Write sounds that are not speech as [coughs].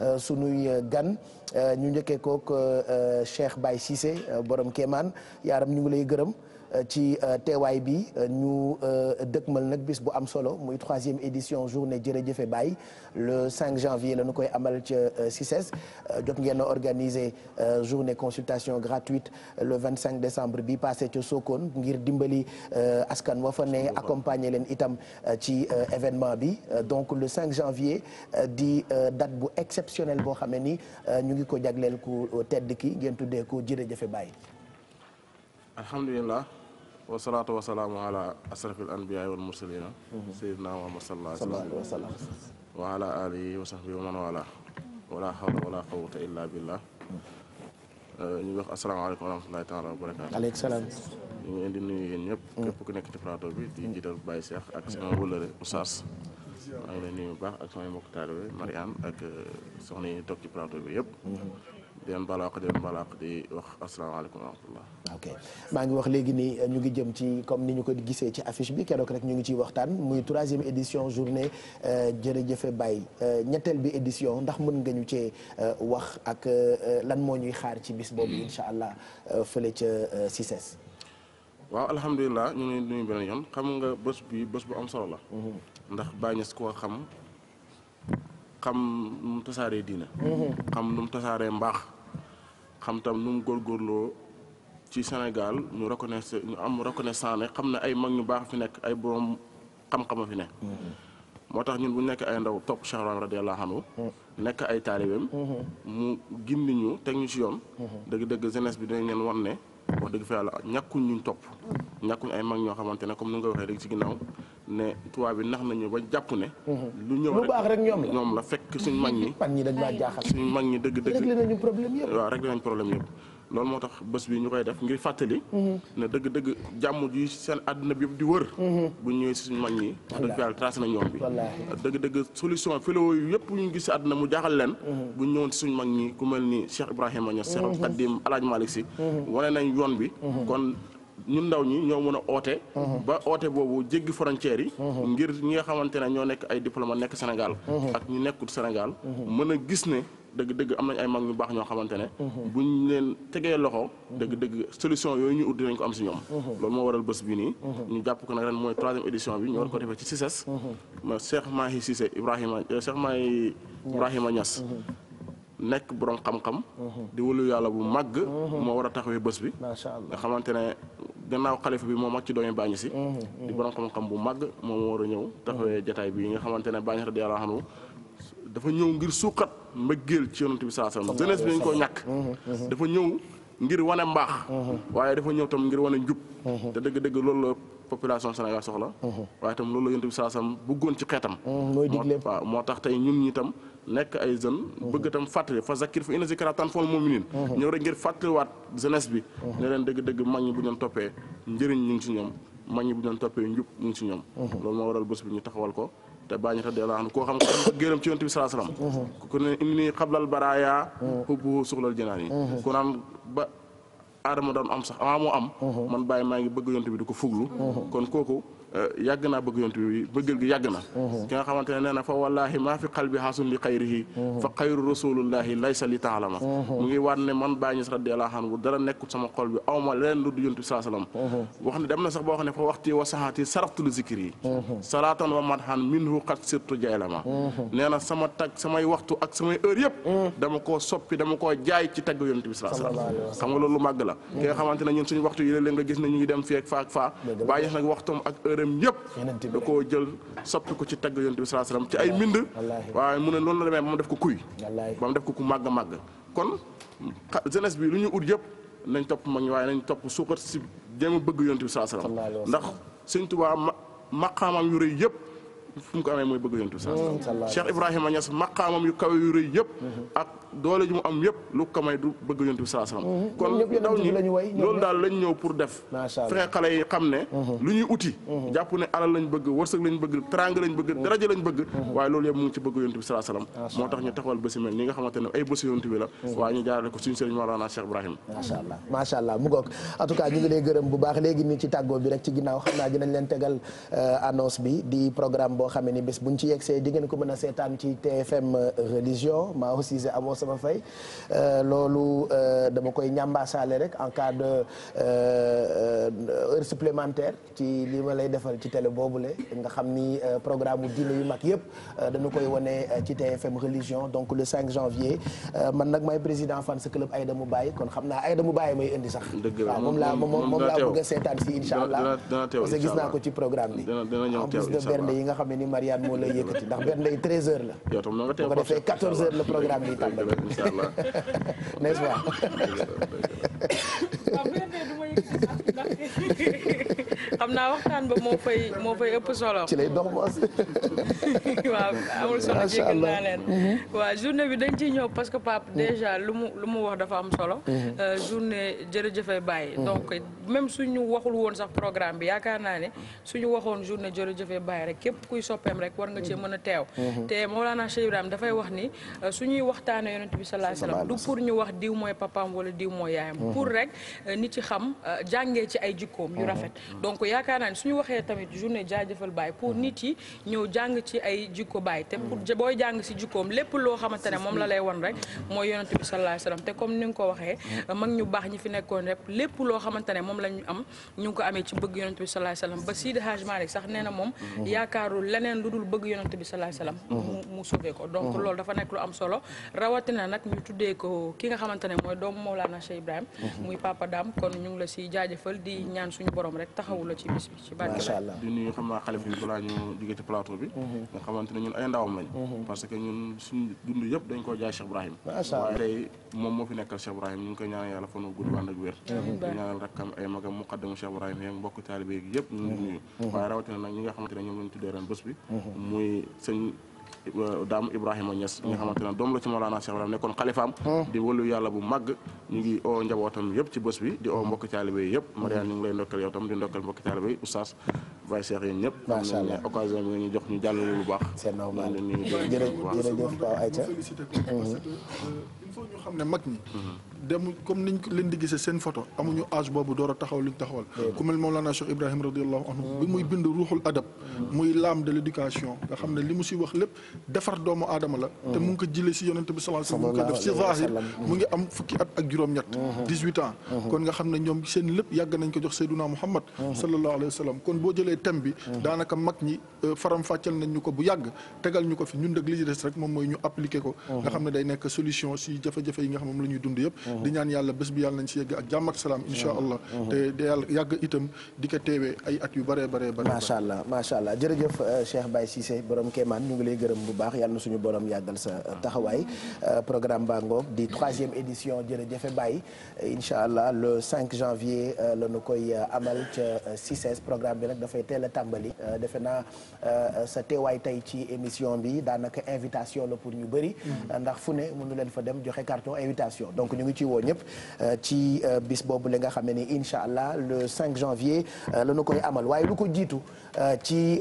Euh, sunuy euh, gan euh, ñu njëkkee kook Cheikh Baye Cissé borom Kéemaan yaaram ñu ngi lay gërëm ci euh, teewaay bi euh, ñu euh, dëkkmal nag bis bu am solo muy troisième édition journée jërëjëfe Baye le 5 janvier la ñu koy amal ca CICES jot ngeen a organiser journée consultation gratuite le 25 décembre bi passé ca Sokone ngir dimbali askan wa fa ne accompagner leen itam ci événement bi donc le 5 janvier di date bu exceptionnelle boo xamee ni ñu ngi ko jagleel ku tedd ki ngeen tuddee ko jërëjëfe Baye alhamdulilah wasalaatu wasalaamu ala asrafil anbiyaay wal mursalina sayidina muhammad sallallahu alayhi wa sallam wa ala alihi wa sahbihi wa man wala wala hawla wala illa billah ñu ngi wax asalaamaaleykum wa rahmatulahi taala wa barakaatu aleykum salaam ñu ngi leen di nuyu yéen ñëpp képp ku nekk ci plateau bi di jiital Baye Cheikh ak sama wëlëre Oustaz maa ngi nuyu bu baax ak samay mbokk taalibe Mariane ak euh, soxna yi toog ci plateau bi yëpp di leen baal àq di leen baal àq wax maa ngi wax léegi nii ñu ngi jëm ci comme ni ñu ko gisee ci affiche bi keroog rek ñu ngi ciy waxtaan muy troisième édition journée euh, jërëjëfe Baye euh, ñetteel bi édition ndax mën nga ñu cee euh, wax ak lan moo ñuy xaar ci bis boobu incha allah fële ca CICES. waaw alhamdulilah ñu ngi nuyu beneen yoon xam nga bés bi bu am solo la. Mhm. ndax Baye Niass koo xam xam nu mu tasaaree diina. Mhm. xam nu tasaaree mbaax. xam tam nu mu góorgóorloo ci Sénégal ñu reconnaissance ñu am reconnaissance ne xam ne ay mag ñu baax fi nekk ay borom xam-xama fi ne mm-hmm. moo tax ñun bu nekk ay ndaw topp Cheikh Ibrahima radiyallahu anhu mm-hmm. nekk ay taalibeem mm-hmm. mu gindi ñu teg ñu ci yoon dëgg-dëgg jeunesse bi dinañ leen wan ne wax dëgg fa yàlla ñàkkuñ ñu topp ñàkkuñ ay mag ñoo xamante ne comme nu nga waxee rek ci ginnaaw ne tubaab bi nax nañu ba jàpp ne. Mhm. lu ñëw lu baax ñoom la fekk suñ mag ñi. fan ñi dañ maa jaaxal suñ mag ñi dëgg dëgg. réglé nañu moo tax bés bi ñu koy def ngir fàttali. Mhm. ne dëgg dëgg jàmm di seen àdduna bi yëpp di wër. Mhm. bu ñëwee si suñ mag ñi. wax dëgg yàlla tracé na ñoom bi. dëgg dëgg solution philo yëpp ñu gis si àdduna mu jaaxal leen. bu ñëwoon si suñ mag ñi ku mel ni Cheikh Ibrahima Niass. Cheikh Khadim El Hadj Malick Sy. wane yoon bi kon ñun ndaw ñi ñoo mën a oote. Mhm. ba oote boobu jéggi frontière yi. Mhm. ngir ñi nga xamante ne ñoo nekk ay diplôme nekk Sénégal. Mhm. ak ñu nekkul Sénégal. mën a gis ne dëgg-dëgg am nañ ay mag ñu baax ñoo xamante ne. buñ leen tegee loxo. dëgg-dëgg solution yooyu ñu ut dinañ ko am si ñoom. loolu moo waral bés bi nii. ñu jàpp ko nag ren mooy troisième édition bi ñu war ko defee ci CICES. ma Cheikh Mahi a Ibrahima euh, Cheikh Mahi Ibrahima Niass. nekk borom xam-xam. di wëlu yàlla bu màgg. a gannaaw xalifa bi moo mag ci doomi bàññi si di borom xam-xam bu màgg moom war a ñëw taxawee mhm. jataay bi nga xamante ne bàññi radiyallahu anhu dafa ñëw ngir suuxat mbëggeel ci yonent bi saa sallam jeunesse bi dañ koo ñàkk mhm. dafa ñëw ngir wane mbaax mhm. waaye dafa ñëw tam ngir wane njub te dëgg-dëgg loolu la population Sénégal soxla mhm. waaye itam loolu la yonent bi saasam bëggoon ci xeetam mhm, waaw moo tax tey ñun ñi itam nekk ay jeune mhm. bëgg itam fàttali fa zakir fa inna zikra tanfa'ul ñu taxawal ko te bàññi ta dee la xam koo xam ko [coughs] gërëm ci yonent bi saasam ku ne indi nii xablal baraaya xubbu suxlal janaan yi ku naan aadama doon am sax avant moo am uh-huh. man bàyyi maa ngi bëgg yonent mi di ko fuglu uh-huh. kon kooku Euh, yàgg naa bëgg yonent bi bëggal gi yàgg na mhm. ki xamante ne nee fa wallahi maa fi xal bi xaasun li xayrihi mhm. fa xayru rasulullahi laysa li taalama mhm. mu ngi waat ne man bàyyi ñis radiyallahu anhu dara nekkut sama xol bi aw ma leneen lu du yonent bi saa salaam wax ne dem na sax boo xam ne fa waxti wa saxaati saraftu lu zikir yi salaatan wa madhan minhu xat sirtu jaylama nee na sama tag samay waxtu ak samay heure yëpp dama koo soppi dama koo jaay ci tagg yonent bi saa salaam xam nga loolu màgg la ki nga xamante ne ñun suñu waxtu yi léeg-léeg nga gis yërëm yëpp da koo jël soppi ko ci tagg yonent bi sallallahu alayhi wasallam ci ay mbind waaye mu ne noonu la demee ba mu def ko kuy ba mu def ko ku màgg màgg kon jeunesse bi lu ñu ut yëpp nañ topp mag ñi waaye nañ topp suukat si jéem a bëgg yonent bi sallallahu alayhi wasallam ndax Sëñ Tuubaa yu rëy yëpp fu mu ko amee mooy bëgg yontu sa mm-hmm. Cheikh Ibrahima Niass maqaamam yu kawe yu rëy yëpp ak doole ju mu am yëpp lu ko du bëgg yontu bi saa salaam mm-hmm. kon daw ñi loolu daal lañ ñëw pour def fexe xale yi xam ne mm-hmm. lu ñuy uti jàpp ne alal lañ bëgg wërsëg lañ bëgg trang lañ bëgg daraja lañ bëgg waaye loolu yëpp mu ngi ci bëgg yontu bi moo tax ñu taxawal bési mel ni nga xamante ay bési yontu la waaye ñu jaarale ko suñu boo xamee ni bés bu ñu ci yegsee di ngeen ko mën a seetaan ci TFM euh, religion maa aussi c'est amoo sama fay euh, loolu euh, dama koy ñambaasaale rek en cas de heure supplémentaire ci li ma lay defal ci télé boobule nga xam ni programme mu diine yu mag yëpp dañu koy wone ci TFM religion donc le 5 janvier man nag may président fans club Aïda Moubaye kon xam naa Aïda Moubaye may indi sax. dëgg la moom laa moom laa bëgg a seetaan si incha allah. parce que gis naa ko ci programme bi. en plus de bernde xamee ni Marianne moo lay yëkkati ndax benn lay 13 heures la. yow tam nga tey heures le programme bi tàmbali. incha allah [laughs] n'est-ce pas. [laughs] xam naa waxtaan ba moo fay moo ëpp solo. ci lay dox boos. [laughs] waaw amul solo waaw journée bi dañ ciy ñëw parce que Pape mm-hmm. déjà lu mu lu mu wax dafa am solo. Mm-hmm. Euh, journée jërëjëfay bàyyi. Mm-hmm. donc même suñu waxul woon sax programme bi yaakaar naa ne su ñu waxoon journée jërëjëfay bàyyi rek képp kuy soppeem rek war nga cee mën a teew. te Mawlana Cheikh Ibrahim dafay wax ni euh, suñuy waxtaanee yonent bi sallallahu alayhi wasallam du pour ñu wax diw mooy papam wala diw mooy yaayam. pour rek euh, nit ci xam jàngee ci ay jikkoom yu rafet yaakaar naa ne suñu waxee tamit journée jaajëfal baay pour mhm. nit yi ñëw jàng ci ay jikko baay te pour mhm. booy jàng si jikkoom lépp loo xamante ne moom la lay won rek mooy yonent bi sallallahu alayhi te comme ni nga ko waxee mhm. mag ñu baax ñi fi nekkoon rek lépp loo xamante ne moom la ñu am ñu ngi ko amee ci bëgg yonent bi sallallahu alayhi wasallam ba Sidi Hadj Malick sax nee na moom yaakaaru leneen lu dul bëgg yonent bi sallallahu alayhi wasallam mu sauvé ko donc loolu dafa nekk lu am solo rawatina nag ñu tuddee ko ki nga xamante ne mooy doomu Mawlana Cheikh Ibrahim muy Papa daam kon ñu ngi la si jaajëfal di ñaan suñu borom rek taxawu la ci bis bi ci barke la di nuyu xam naa xalifa balaa ñu jóge ci plateau bi mhm. nga xamante ñun ay ndawam lañ mhm. parce que ñun suñu yëpp dañ koo jaay Cheikh Ibrahim waaye tey moom moo fi nekkal Cheikh Ibrahim ñu ngi ñaanal yàlla fanu gudd ànd ak wér di ñaanal rakkam ay magam muqaddamu Cheikh Ibrahim yeeg mbokk taalibe yëpp ñu ngi mhm. nuyu waaye rawatina nag ñi nga xamante ne tuddee ren bés bi muy sëñ Dame Ibrahima Niass nga xamante ne doom la ci Mawlana Cheikh Ibrahima nekkoon xalifaam hmm. di wëlu yàlla bu màgg ñu ngi o njabootam yëpp ci bés bi di oo mbokki taalibe yëpp Mariane ñu ngi lay ndokkal yow tam di ndokkal mbokki taalibe yi oustaz Baye Cheikh yéen ñëpp occasion bi nga ñu jox ñu jàllale lu baax c'est normal jërëjëf waaw Aïcha euh, il faut ñu xam ne mag dem comme niñ leen di gisee seen photo amuñu âge boobu door a taxaw li taxawal ku mel Mawlana Cheikh Ibrahim radiallahu anhu bi muy bind ruuxul adab muy laam de l'éducation nga xam ne li mu si wax lépp defar doomu aadama la te mu ngi ko jëlee ko def am fukki at ak juróom-ñett dix-huit ans kon nga xam ne ñoom seen lépp yàgg nañ ko jox Seyduna Muhammad sallallahu alayhi wasallam kon boo jëlee thème bi daanaka mag ñi euh, faram fàccal nañ ñu ko bu yàgg tegal ñu ko fi ñun dëgg li ci des rek moom mooy ñu appliquer di ñaan yàlla bés bi yàlla nañ si yegg ak jàmm ak salaam insha allah te yàgg itam di ko ay at yu bëree bëree bëri macha allah macha allah jërëjëf euh, Cheikh Baye Cissé borom Kéemaan ñu ngi lay gërëm bu baax yàlla suñu borom yàggal sa taxawaay euh, programme baa ngoog di troisième édition jërëjëfe Baye incha allah le 5 janvier euh, la ñu koy amal ca CICES e programme bi nag dafay teel a tàmbali defe naa sa teewaay tey ci émission bi daanaka invitation la pour ñu bëri mm. ndax ci woo ñëpp euh, ci euh, bis boobu la nga xam ne ni incha allah le 5 janvier euh, la ñu koy amal waaye lu ko jiitu ci.